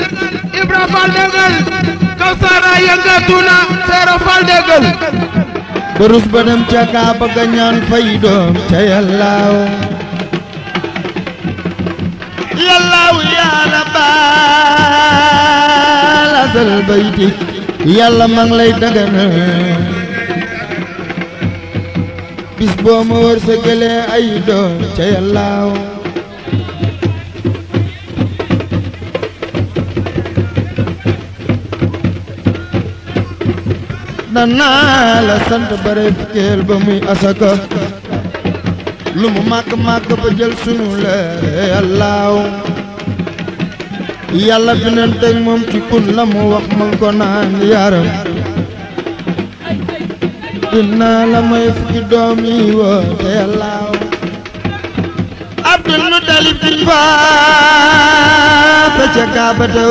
déggal Ibra Fall déggal Kawsara yëngatuna Seero Fall déggal barus ba dem ca Kaaba ga ñaan fay ca yallaaw yallaaw yaa rabbal asal bayti yàlla ma ngi lay dagana bis boo ma wërsëgalee ay ca yallaaw na naa la sant bare fukkeel ba muy asaka lu mu màkk màkk ba jël sunu la yàllaaw yàlla bi moom ci kun la mu wax man ko yaram dinaa la may fukki doom yi woo te yàllaaw abdul mutalib di baa fa ca kaabata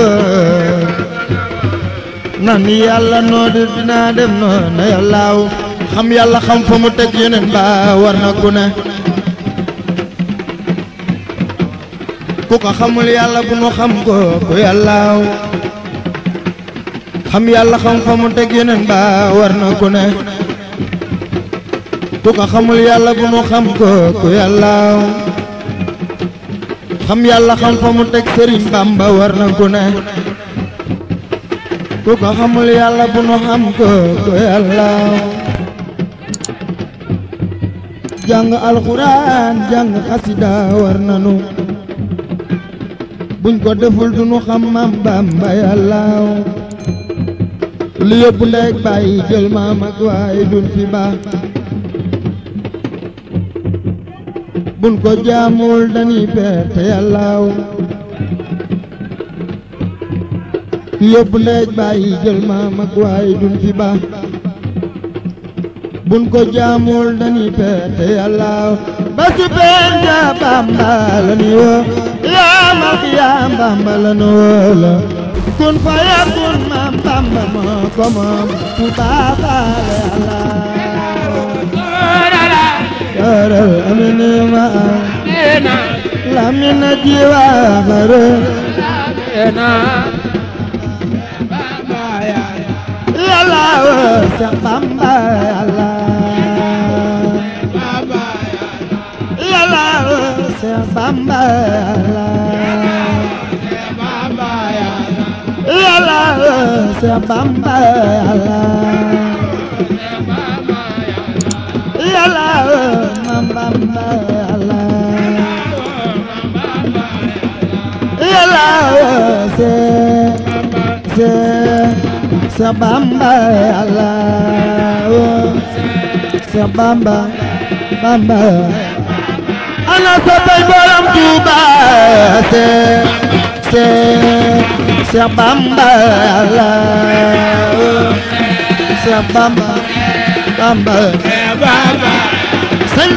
nan yàlla noo di dinaa dem noonu na yàllaaw xam yàlla xam fa mu teg yeneen ba war na ku ne ku ko xamul yàlla bu nu xam ko ku yàllaaw xam yàlla xam fa mu teg yeneen ba war na ku ne ku ko xamul yàlla bu nu xam ko ku yàllaaw xam yàlla xam fa mu teg sëriñ Bamba war na ku ne ku ko xamul yàlla bu nu xam ko ko jàng alxuraan jàng xasida war nanu buñ ko deful du nu xam maam Bamba yàlla lu yóbbu ndey bàyyi jël maam ak waaye fi baax buñ ko jaamul dañuy perte yàlla yóbbu neej bàyyi jël maam ak waaye duñ fi ko jaamul dañuy peete yàlla ba si peente Bàmba la ni woo yaa mag yaa Bàmba la la kun fa yakun maam Bàmba moo ko moom ku baabaale yàlla kërël amini ma am lamina jiwa xare laawa Seex Bamba yàlla la laawa Seex Bamba yàlla la laawa Seex Bamba yàlla la laawa Mam Bamba yàlla la laawa Seex sa bamba yàlla woo oh. sa ana sa bay borom Tuuba se se sa bamba yàlla woo oh. sa bamba bamba bamba sëñ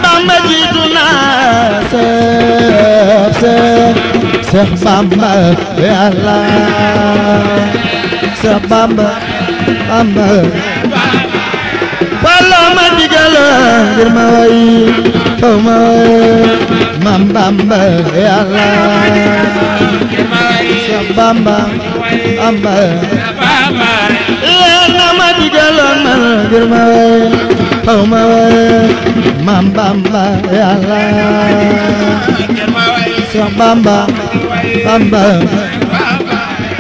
bamba sa bamba bamba falloo ma digal ngir ma way faw ma way mam bamba yàlla sa bamba bamba leen na ma digal man ngir ma way faw ma way mam bamba yàlla sa bamba bamba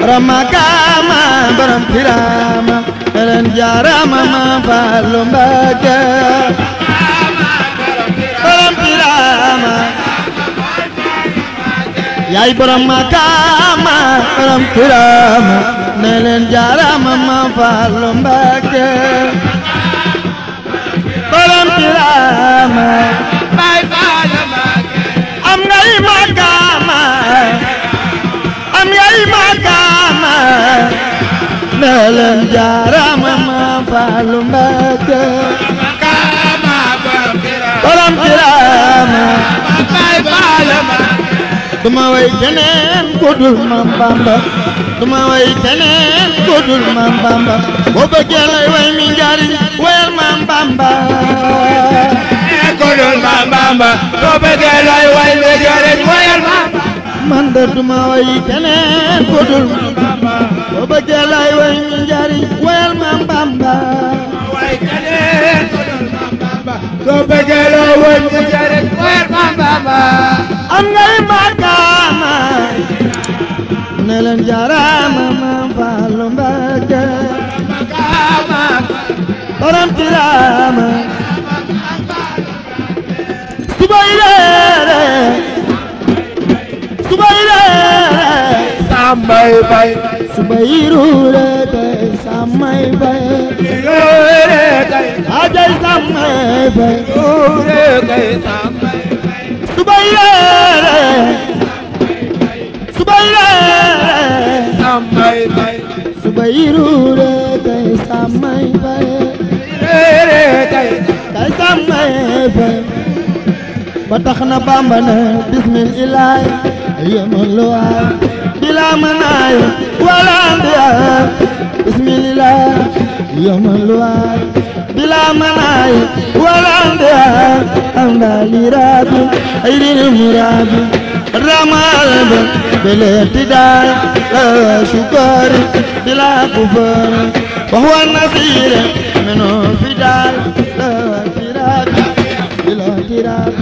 ramakaama borom firaama ren jaaraama ma faalu mbàkke borom firaama yaay borom makaama borom firaama ne leen jaaraama ma faalu mbàkke borom firaama bay faalu mbàkke am nga iman ndalal jaarama maam Faalu Mbàkke makama borom kiraama bay balama duma way keneen ku dul maam Bamba duma way keneen ku dul maam Bamba boo bëggee lay way mi njariñ wayal maam Bamba ku dul maam Bamba boo bëggee lay way mi njariñ wayal maam Bamba man de duma way keneen ku dul maam Bamba boo bëggee lay way njariñ wayal maam Bamba way kaleen soo bëggee loo way njariñ wayal maam Bamba am ngay makaama ne leen jaaraama maam Fallu Mbàkke makaama borom tiraama suba yi leere suba yi leere sambay bay su kay samay bay. yiruuree kay. ajay bay. yiruuree kay samay bay. su ma yiruuree. tax na Bàmba ne bismillah yéemal bila ma والأنبياء بسم الله يوم الوعد بلا مناي والأنبياء أمدالي رابي أيدين المرابي رمال بلا ابتداء لا شكر بلا كفر وهو النصير منه فداء لا فراق بلا فراق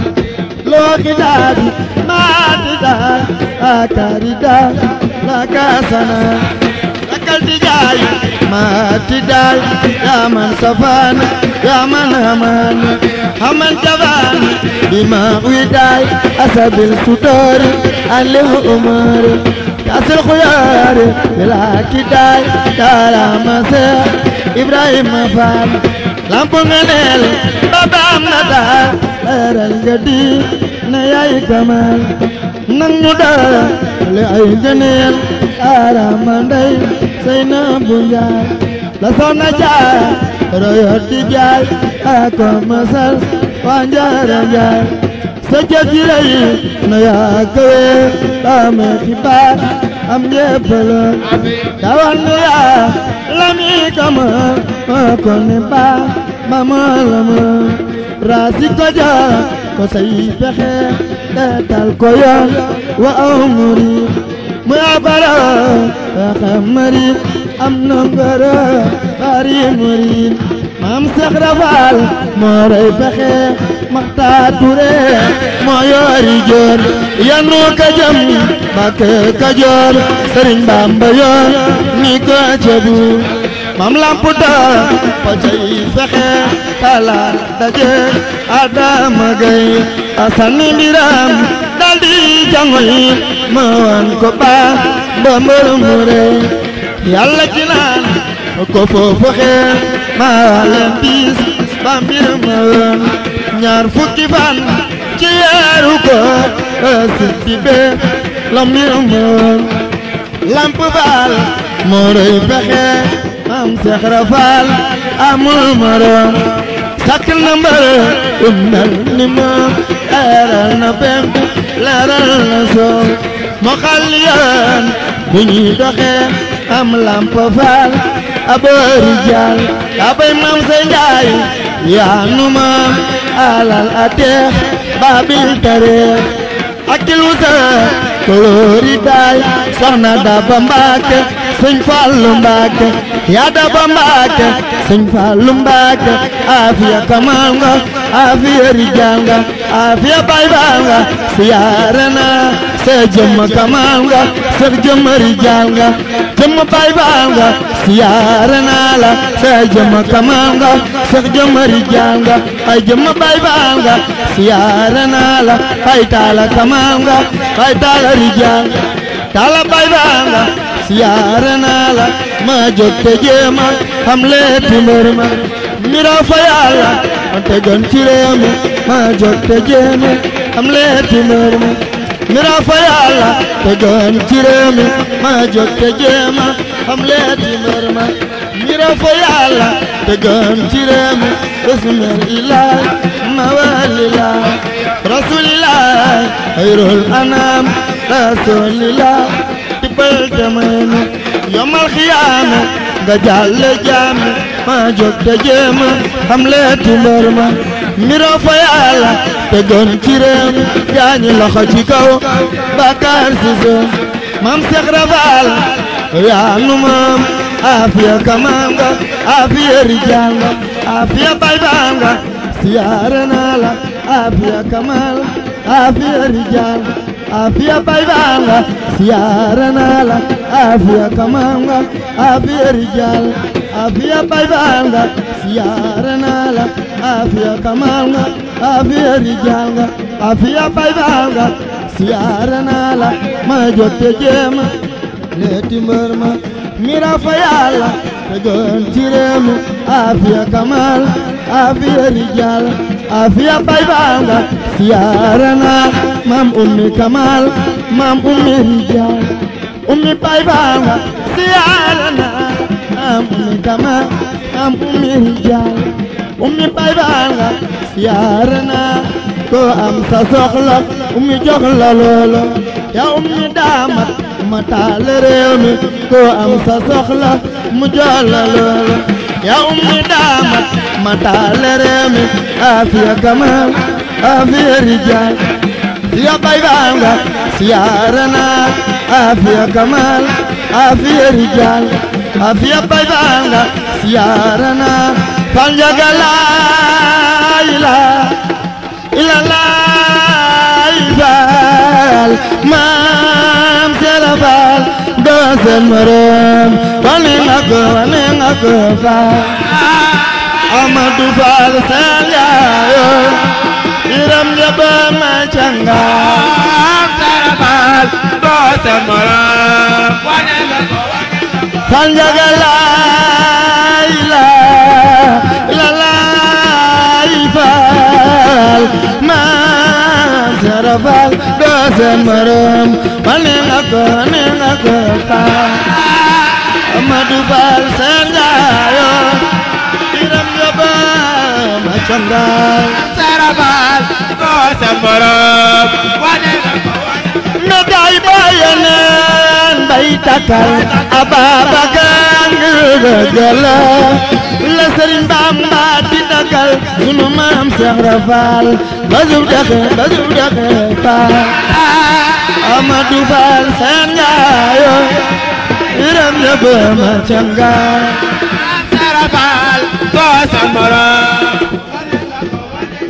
لو كتابي ما ata akarida lakasana lakaltijay matidal yaman safan yaman haman haman jaban bima widal asabil sudor alih umar كاس الخيار بلا كداي كلام سير إبراهيم فال لامبونغنيل بابا مدار لرنجدي نياي كمال nan ñu daale ay gëneel arama ndey Seynabu Njaay la soxna jaay royoti jaay ako masal waa njaara njaay sa jëf ji rëy na yaa kawe baame xibaar am njëppalë dawal na yaa lami kama ma ko ne baa ma ma la ma raasi ko jaa ko say pexe daatal ko yoon wa umri mu abara xam marit am na ngara bari murit maam Seex Rafal moo rey pexe Maxtaar yoori joor yanu ka jëm Mbàkke Kajoor Sëriñ Bamba yoon ni ko mam lamp daal ba cay fexe talaal daje Adama Gaye Asan Biram daldi jangoy ma wan ko ba ba mërmëre yàlla ci naan ko foofu xeel ma leen bis ba mbir ma woon fukki fan ci yeeru ko sit bi be la mbir ma woon lamp rëy fexe maam Cheikh Rafal amul morom takk na mbar um mel ni moom leeral na penk leeral na soow mu xal yoon bu ñuy doxee am lamp faal aboori jaal abay maam sa njaay yaa nu maam alal ateex baabil tareex akil wuta koloori daay soxna da ba mbaake sëñ Fallou Mbacke yaa daba Mbacke sëñ Fallou Mbacke afiya kamal nga afiya rijal nga afiya baybal nga siyaare naa sa jëmm kamal nga sa jëmm rijal nga jëmm baybal nga siyaare naa la sa jëmm kamal nga sa jëmm rijal nga ay jëmm baybal nga siyaare naa la ay taala kamal nga ay taala rijal nga taala baybal nga yaare naa la ma jóg te jéem a xamle timbar ma mira fa yàlla ma tegoon ci réew mi ma jóg te jéem a xamle timbar ma mira fa yàlla tegoon ci réew mi ma jóg te jéem a xamle timbar ma mira fa yàlla tegoon ci réew mi bismil ilaah ma walilah rasulillah xayrul anam rasulillah fàtti pël demanu yomal xiyaama nga jàll jaami maa jóg da jéema xam leeti mbër ma miro fa yàlla te gën ci réew gaañi loxo ci kaw bàkkaar si suuf mam seex rafaal yaa nu maam afiya kamaam nga afiya rijaal nga afiya baybaam nga siyaare naa la afiya kamaal afiya rijaal afya baibanga siyaranala afya kamanga afya rijal afya baibanga siyaranala afya kamanga afya rijalga afya baibanga siyaranala majote jema letimbarma mirafayala tegontiremu afya kamala afya rijala afiya bay banga siyaarana mam ummi kamal mam ummi hijaa ummi bay banga siyaarana mam ummi kamal mam ummi hijaa ummi bay banga siyaarana ko am sa soxla ummi jox la daamat ma taal réew am sa soxla mu jox يا أم دامت متى لرمي آفية جمال آفية رجال يا بيبانغا سيارنا آفية جمال آفية رجال آفية بيبانغا سيارنا فانجا لا إله إلا الله ما مسلفال دوسن مرو wane nga ko wane nga ko faal Amadu Faal seen yaayoo Biram Njaboot ma cangaal Sara Faal doo sa moroom wane nga ko wane nga ko faal Sanjaga laa ilaaha illallaah faal maam Sara Faal doo sa moroom wane nga ko wane nga ko faal Amadou Bal Sendaayo Biram Yoba ma candaay Sarabal boo sa borom wane na daay bayaneen bay takkal Ababacar gëgëla la Sëriñ Bamba di dagal sunu maam Cheikh Rafal bazur dake bazur dake fa Amadou ah. Bal Sendaayo biram na bama canga sarabal bo samara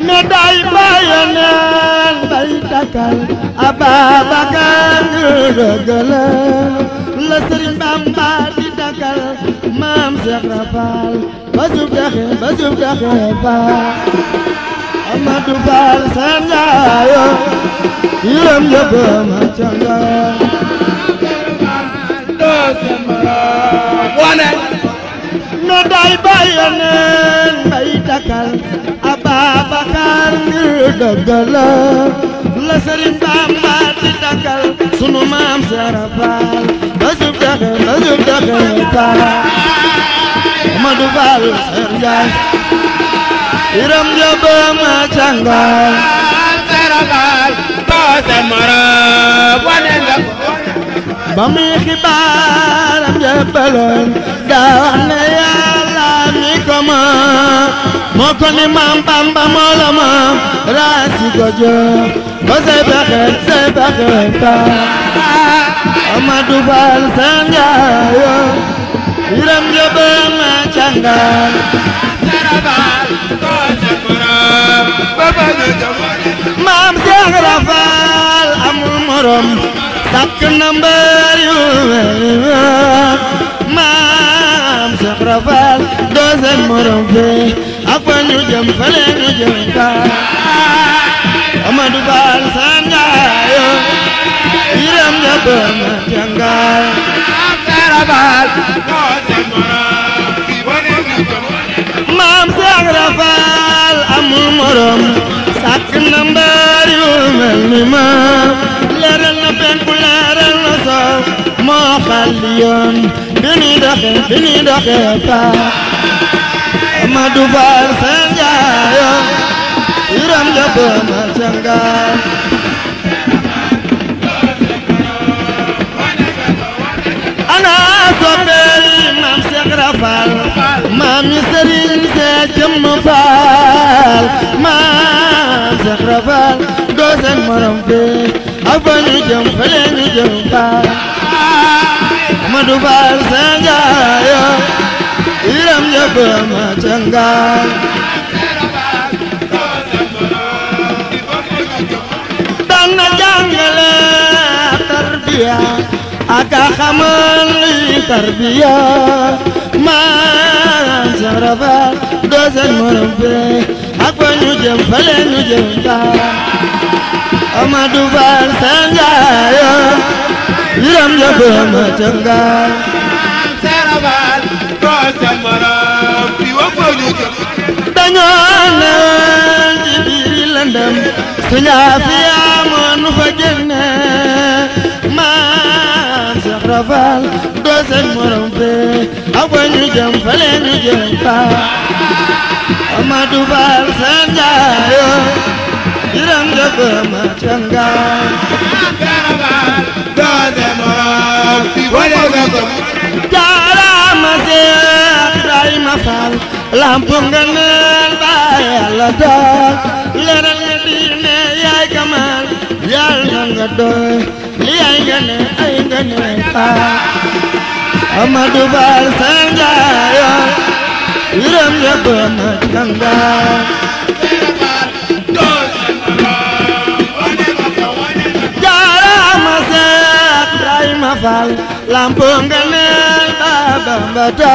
na day bayanal bay takal ababagar ragala la Sëriñ Bamba di dagal maam Seex Rafal ba sub daxe ba sub daxe ba Amadou Fall sangayo biram na wane no day bayaneen bay takal Ababakar ngir dëggal la Sëriñ Bamba di takal sunu maam serafal na jub dexe na jub dexe taara Madu ba semara wane nga dimbaloon daa wax ne mi ko moo ko maam Bamba moo la moom raasi ko jox ba taa Amadu Faal seen yaayo yiram jëbën ma cangal sarabal ko sa borom ba bëgg maam yu morom takk na mbaar yu maam Seex Rafal doo seen morom fee ak fa ñu jëm fële ñu jëm kaay Amadou Baal Sangayo Yiram ja doom jangaay maam Seex Rafal doo seen morom maam Seex Rafal amul morom sàkk na mbaar yu mel ni ma leeral na penku leeral na soo moo xal yoon bi ñuy doxe bi ñuy doxe paa Amadou Fall seen jaayoon yuram jabo ma sangaar ana soppe maam Cheikh Rafal maam yi Serigne Cheikh jëmm Fall maam Cheikh Rafal doo seen morom fii ak ba ñu jëm fële ñu jëm Fall Madou Fall seen jaayo yiram yëpp ma cangaal daan na jàngale tarbiya aka xamal tarbiya maanaam sa rafa doo seen morom fee ak fa ñu jëm fale ñu jëm faa Amadou Fall seen jaayo yiram ja bëgg ma cëngaay sa rafa doo seen morom fii wa fa ñu jëm dañoo naan ci biir lëndëm suñu afiya moo nu fa génne Ibra Faal doo seen morom fee ak ba ñu seen jaayoo jiram de ma canga doo seen morom wala neel ba yàlla dool leeral nga doy li ay nga ne ay nga ne faa Amadou Bar sanga yoon wiram ya doon na kanga jaarama Seex Ibrahima Fall lampo nga neel baaba mbata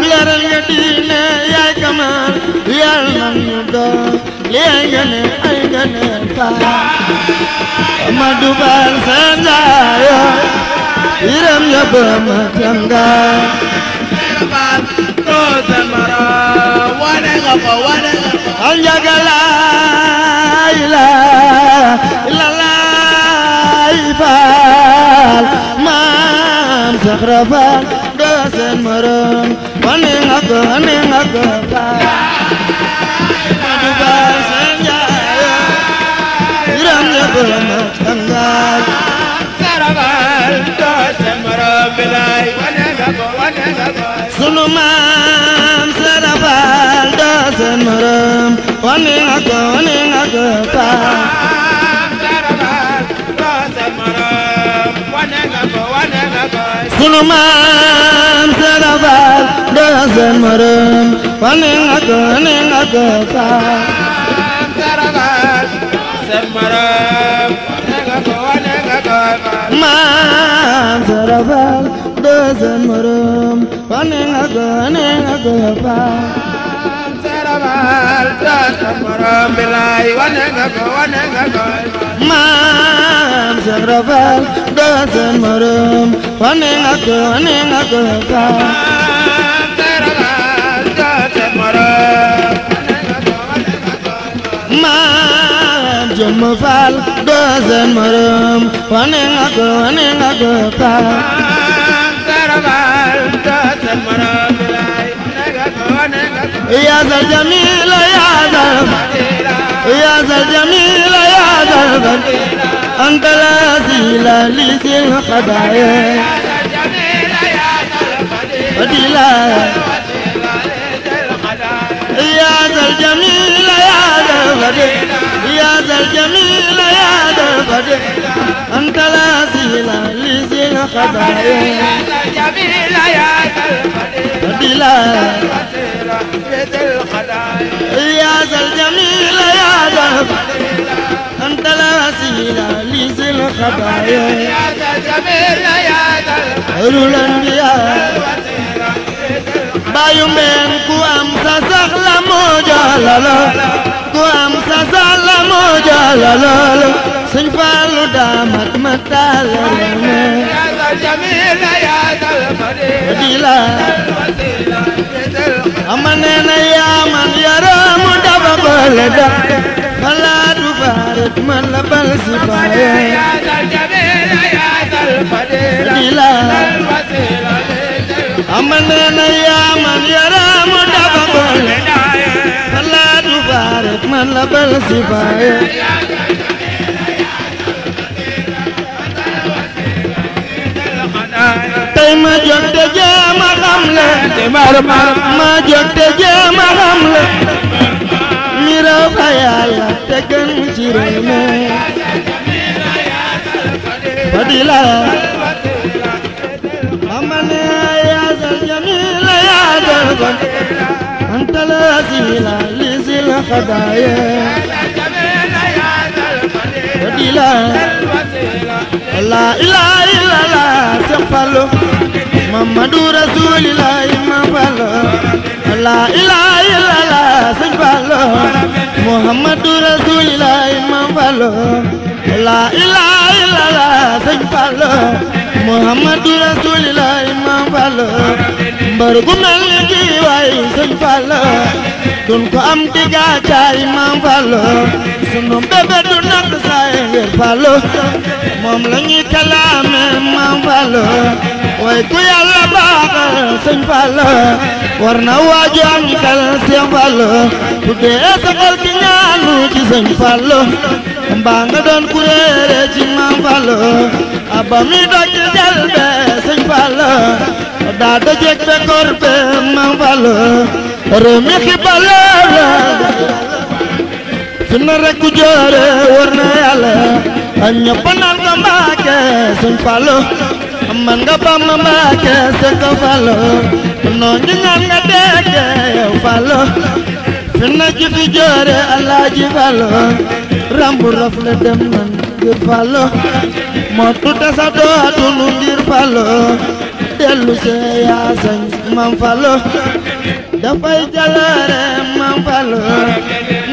leeral nga diine yaay kamal yal nan ñu doon yaa gënal ay gënal baay Amadou Ba sanjaayo yiram ya ba ma tanga baal doo sa mara wane nga ko wane nga ko anjagala ila ila lay faal maam Saxra Faal doo seen morom wane nga ko wane nga ko baal Sunumaan sarabal doosan maram wane nga ko wane nga ko paa. Sarabal doosan maram wane nga ko wane nga ko. Sunumaan sarabal doosan maram wane nga ko wane nga ko paa. maam sara faal doosan morom wane nga ko wane nga ko faal sara faal doosan morom bilaay wane nga ko wane nga ko maam sara faal doosan morom wane nga ko wane nga ko faal sara faal doosan morom wane nga ko wane nga ko faal jëmm faal doo sa morom wane nga ko wane nga ko faal sarabaal doo sa morom lay nga ko wane nga ko yaa sal jamila yaa sal yaa sal jamila yaa sal anta la sila li sil xadaye fadila الجميل يا ذا القدر أنت الأصيل لذي الخبايا الجميل يا ذا القدر يا ذا الجميل يا ذا القدر أنت الأصيل لذي الخبايا يا ذا الجميل يا ذا القدر الأنبياء bayu mbeen ku am sa sax la moo jàllala ku am sa sax la moo jàllala sëñ Fallu daa mat ma taal ama nee na yaa man yaraamu daba boole da xalaatu faaret man la bal si faaye di la amanena yaaman yaramu dafa boole salaatu baarak man la bal si baaye tey ma jóg te jéem a xam le ma jóg te jéem a xam le mi raw fa yàlla te gën ci réew mi دربك أنت الذي لا لزل خدايا وديلا لا إله إلا الله تقبله محمد رسول الله ما بلو لا إله إلا الله سبحانه محمد رسول الله ما بلو لا إله إلا الله سبحانه muhammadu rasulillahi ma fall mbar gu mel ni kii waay sëñ fall dun am digga caay ma fall sunu bébé du nag saay ngir moom la ñuy kalaame ma fall way ku yàlla baaxal sëñ fall war na waaju am xel sëñ fall tuddee sa xel ki ñaanu ci sëñ fall mbaa nga doon ku réere ci maam Fallu abba mi doj jël be sëñ Fallu daa dajeg be maam Fallu réew mi xibale la fi na rek ku joore wër na yàlla a ñëpp naan ko Mbàkke sëñ Fallu nga bam ma Mbàkke sëñ noon ñu ñaan nga dégg yow Fallu fi na ji joore Alaaji Fallu rambu raf la dem nan ngir falo moo tuta sa ngir falo dellu yaa sañ mam falo dafay jalaare mam falo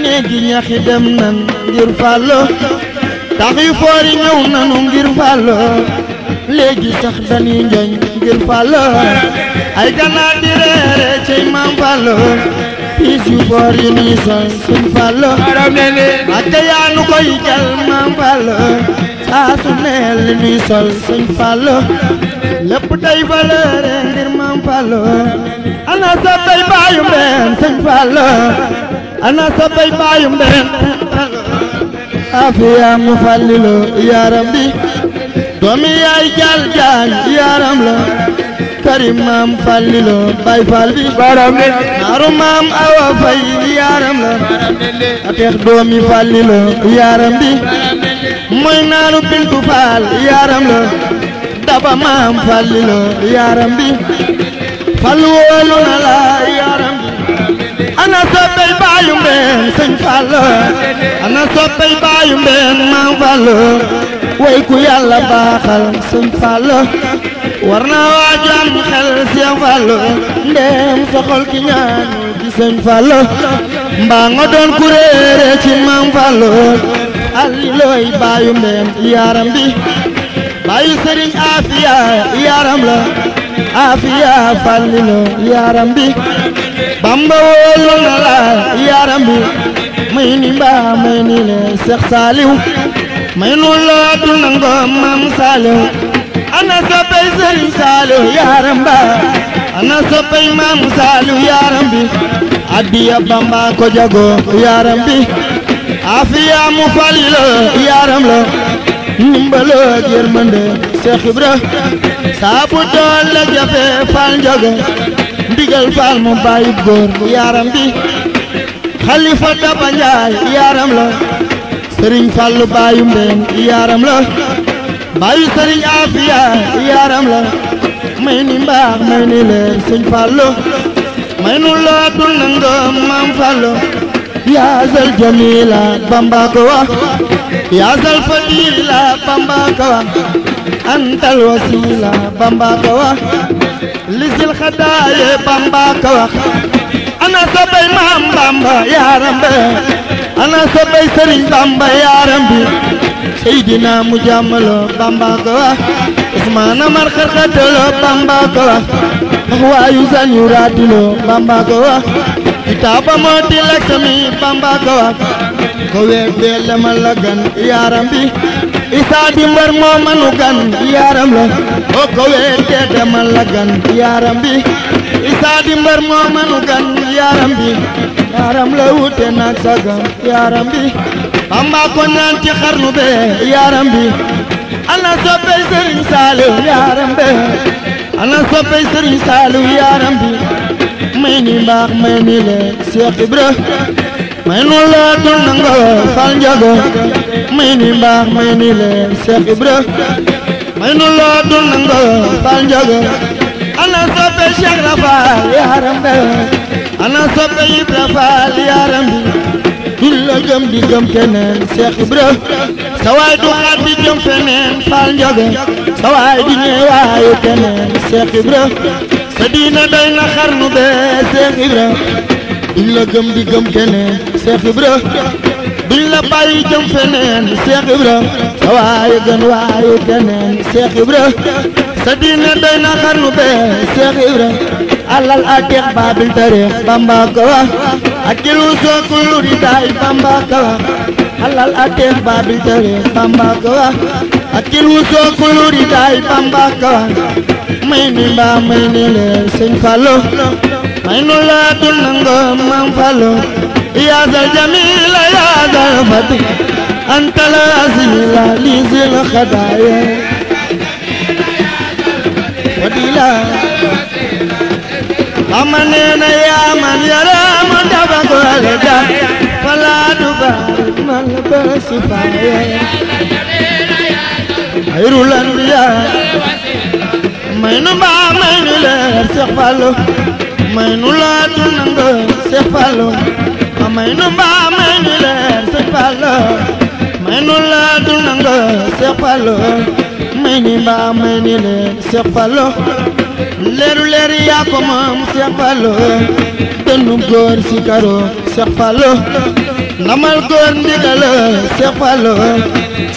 néegi ñaxi dem nan ngir falo tax yu foori ñëw nanu ngir falo léegi sax dañuy njoñ ngir falo ay ganaar di reere ci mam falo piis yu boor yu nuy sol suñ fàllo atte yaa nu koy jal maam fàllo saa su neel li nuy sol suñ fàllo lépp day valeure ngir maam fàllo ana sa bay baayu mbeen suñ fàllo ana sa bay baayu mbeen afiya mu fàllilo yaaram bi doomi yaay jal jaañ yaaram la karim maam fallilo bay fall bi naaru maam awa fay yaaram la ateex doomi fallilo yaaram bi mooy naaru bintu fall yaaram la daba maam fallilo yaaram bi fallu woonu na la yaaram bi ana soppey baayu mbeen sëñ fall ana soppey baayu mbeen maam fallo way ku yàlla baaxal sëñ Fallu war naa waajal xel sëñ Fallu ndéem soxol ki ñaan ci sëñ Fallu mbaa nga ku réere ci maam Fallu alli baayu ndéem yaaram bi baayu sëriñ Afiya yaaram la Afiya Fallilu yaaram bi Bamba wóolu na la yaaram bi may ni mbaa may ni le Seex may nu loo du nangoo maam Saliou ana soppay Sëriñ Saliou yaaram ba ana soppay maam Saliou yaaram bi Bamba ko jago yaaram afiya mu falilo yaaram lo ndimbalo ak yërmande Cheikh Ibra saabu dool la jafe fal njoge ndigal fal mu bàyyi góor yaaram bi xalifa daba njaay yaaram lo sëriñ Fallu baayu mbeen yaaram la baayu sëriñ Afia yaaram la may ni may ni leer Fallu may nu laa dul Fallu yaasal jamila Bamba ko wax yaasal fadila Bamba ko wax antal wasila Bamba ko wax lisil xadaaye sa bay maam Bamba yaaram be a sa bay sëriñ bamba yaaram e bi seydina mu jàmmaloo bamba ko wax usmaana mar xarxataloo bamba ko wax ndax waayu sañu raadiloo bamba ko wax kitaaba moo di lekk mi bamba ko wax ko weer dee lemal yaaram bi isaa di mbër moo manu gan yaaram la o ko weer dee demal la gan yaaram bi isaa di mbër moo manu gan yaaram bi yaaram la wute nag sagam yaaram bi Bamba ko ñaan ci xarnu be yaaram bi ana soppey sëriñ Saaliw yaaram be ana soppey sëriñ Saaliw yaaram bi may ni mbaax may ni le Seex Ibra may nu la dul nango fal njago may ni mbaax may ni le Seex Ibra may nu la dul nango fal njago ana soppey Seex Rafaal yaaram be ana soppe Ibra Faal yaaram bi dul la gëm di keneen Seex Ibra sa waay du xaat di feneen Faal njoge sa waay di ñëwaayu keneen Seex Ibra sa diina doy na xarnu bee Seex Ibra duñ la gëm di keneen Seex Ibra sa waayu gën waayu keneen Seex Ibra sa diine doy na xarnu bee Seex Ibra alal ateex baabil tareex bamba ko wax soo kullu ridaay bamba ko wax soo kullu ridaay bamba may ni mbaa may ni leer sëñ may nu laa dun nangoo maam Fallu yaasal jamiila yaasal fati antala asila liisil xadaaya wadila mama nee na yaa man yaram daba goole dab falaa du baar man la bërësi baaye xayrul anbiyaa may nu mbaa may nu leer Seex Fallu may nu laatu nangu Seex Fallu may nu mbaa may nu leer Seex may nu laatu nangu Seex Fallu may nu mbaa may nu leer Seex leeru leeru yaa ko moom Cheikh Fallou dënnum góor si karo Cheikh Fallou ndamal góor ndigala Cheikh Fallou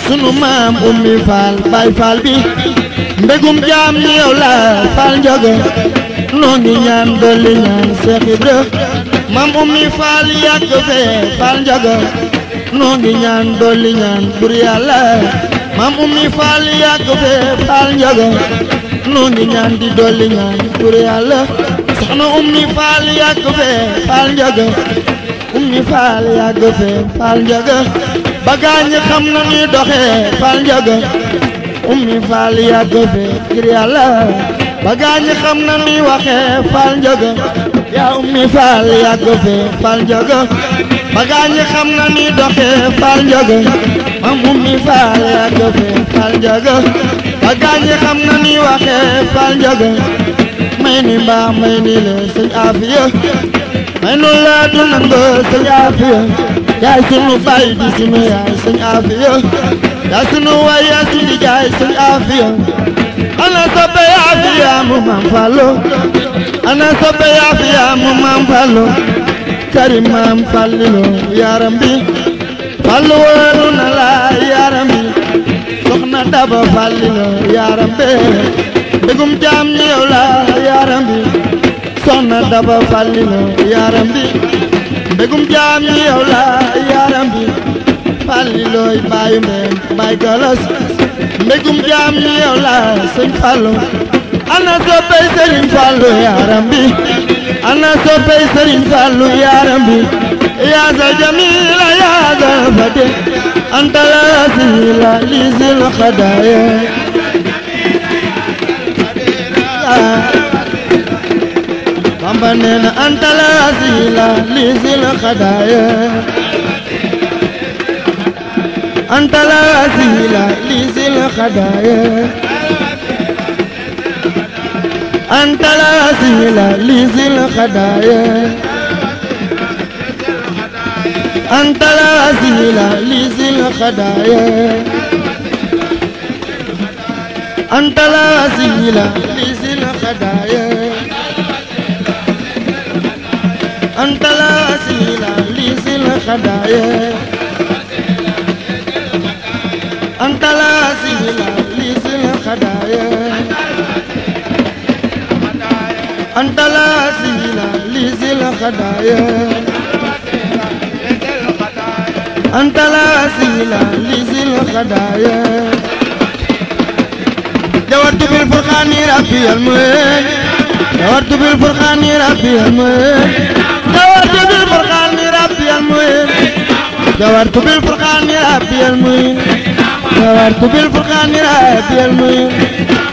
sunu maam ummi Fall Baay Fall bi mbégum jaam ni yow la Fall njoga noo ngi ñaan dolli ñaan Cheikh Ibra maam ummi Fall yàgg fee Fall njoga noo ngi ñaan dolli ñaan bur yàlla maam ummi Fall yàgg fee Fall njoga nu ngi ñaan di dolli ñaan pour yàlla soxna ummi faal yàgg fee faal njaga ummi faal yàgg fee faal njaga bagaañi xam na ñuy doxee faal njaga ummi faal yàgg fee ngir yàlla bagaañi xam na ñuy waxee faal njaga yaa ummi faal yàgg fee faal njaga bagaañi xam na ñuy doxee faal njaga mam ummi faal yàgg fee faal njaga ba gaañi xam na ni waxe fal njaga may ni mbaa may ni la sëñ may nu la du nanga sëñ afiya sunu baay di yaay sëñ afiya yaa sunu waay yaa jaay sëñ afiya ana soppe afiya mu maam falo ana soppe afiya mu maam falo karim maam fallilo yaram bi falluwa ba fallina yaaram be dëggum jaam ñi yow la yaaram bi soxna daba fallina yaaram bi jaam ñi yow Fallu ana soppey sëriñ Fallu Fallu yaaram bi yaasa jamiila yaasa fate أنت الذي لا لزل خدايا بمبنين أنت الذي لا لزل خدايا أنت الذي لا لزل خدايا أنت الذي لا لزل خدايا أنت العزيز لذي الخدايا أنت العزيز لذي الخدايا أنت العزيز لذي الخدايا أنت العزيز لذي الخدايا أنت العزيز لذي الخدايا أنت الوسيلة لذي الخدايا دورت بالفرقان ربي المهين دورت بالفرقان ربي المهين دورت بالفرقان ربي المهين دورت بالفرقان ربي المهين دورت بالفرقان ربي المهين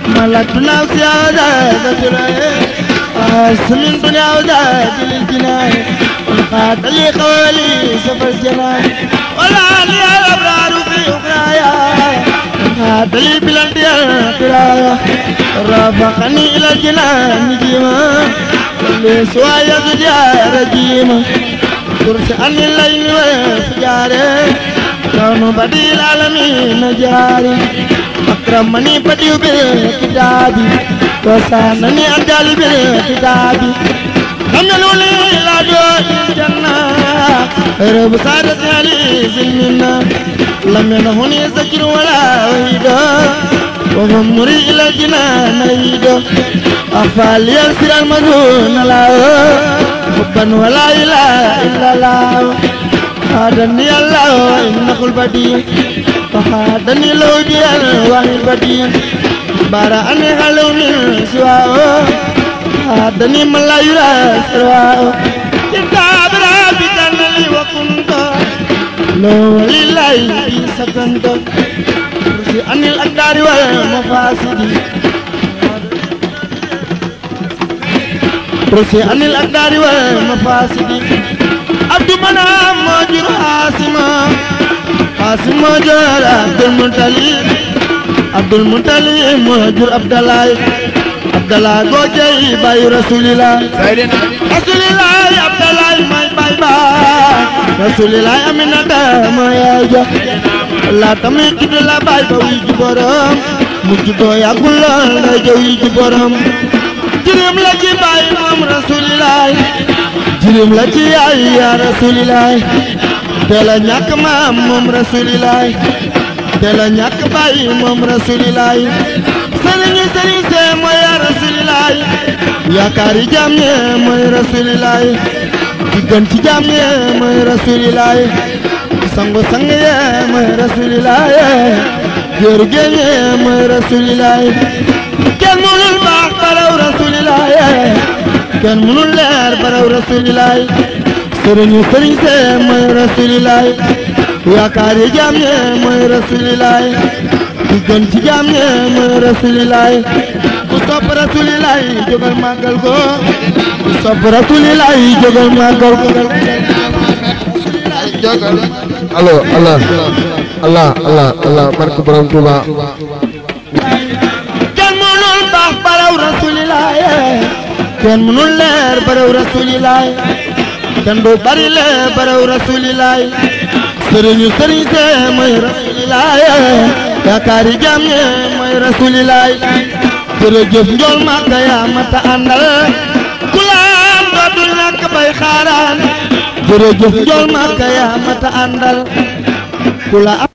ملكت نفسي وزادت العين من الدنيا وذات الجنان القاتل قولي سفر الجنان ولا لي الأبرار في أخرايا هذا لي بلندي القرايا رافقني إلى الجنان جيما كل سوايا زجار جيما كرسي عن الليل وسجاري كون بديل العالمين جاري أكرمني بديو بالكتاب وسانني أجل بالكتاب هم لولي لا دون جنة رب سادة علي زلمنا لم ينهني ذكر ولا ويدا وهم مري إلى الجنان أيدا أفعل يسر المدون لا حبا ولا إله إلا الله هادني الله إنه البديع فهادني لو بيا الواحد البديع برأني هلو من سواه أدني من لا يرى سواء أنت أبرى بدني وكنت لو لله بي سكنت رسي عن الأقدار والمفاسد رسي عن الأقدار والمفاسد عبد منام مجر حاسما قاسم مجر عبد المطلب عبد المطلب مهجر عبد الله Abdallah boo jëy bayu rasulillah rasulillah Abdallah may bay ba yaay ja la tamit tudd la bay ba wuy ji borom mu juddoo yàggul lool jirim la ci bay moom jirim la yaay ya rasulillah teel a maam moom rasulillah teel a ñàkk bay moom sëriñu sëriñ see mooy rasulilaay yaakaari jaam ñee mooy rasulilaay ki gën ci jaam ñee mooy rasulilaay sango sang yee mooy rasulilaay góor géen yee mooy rasulilaay kenn mënul baax baraw rasulilaay kenn mënul leer baraw rasulilaay sëriñu sëriñ see mooy rasulilaay yaakaari jaam ñee mooy rasulilaay ku gën ci jaam ñe mooy rasulilaay ku sopp rasulilaay jógal màggal ko ku sopp rasulilaay jógal màggal ko jógal allo allah allah allah allah barke borom Tuuba kenn mënul baax baraw rasulilaay kenn mënul leer baraw rasulilaay kenn du bari leer baraw rasulilaay sëriñu sëriñ see mooy rasulilaay yaakaari jaam ñi mooy rasulilaay jërëjëf njool mata àndal ku laam doo dul ñàkk bay xaaraan jërëjëf njool màkka mata àndal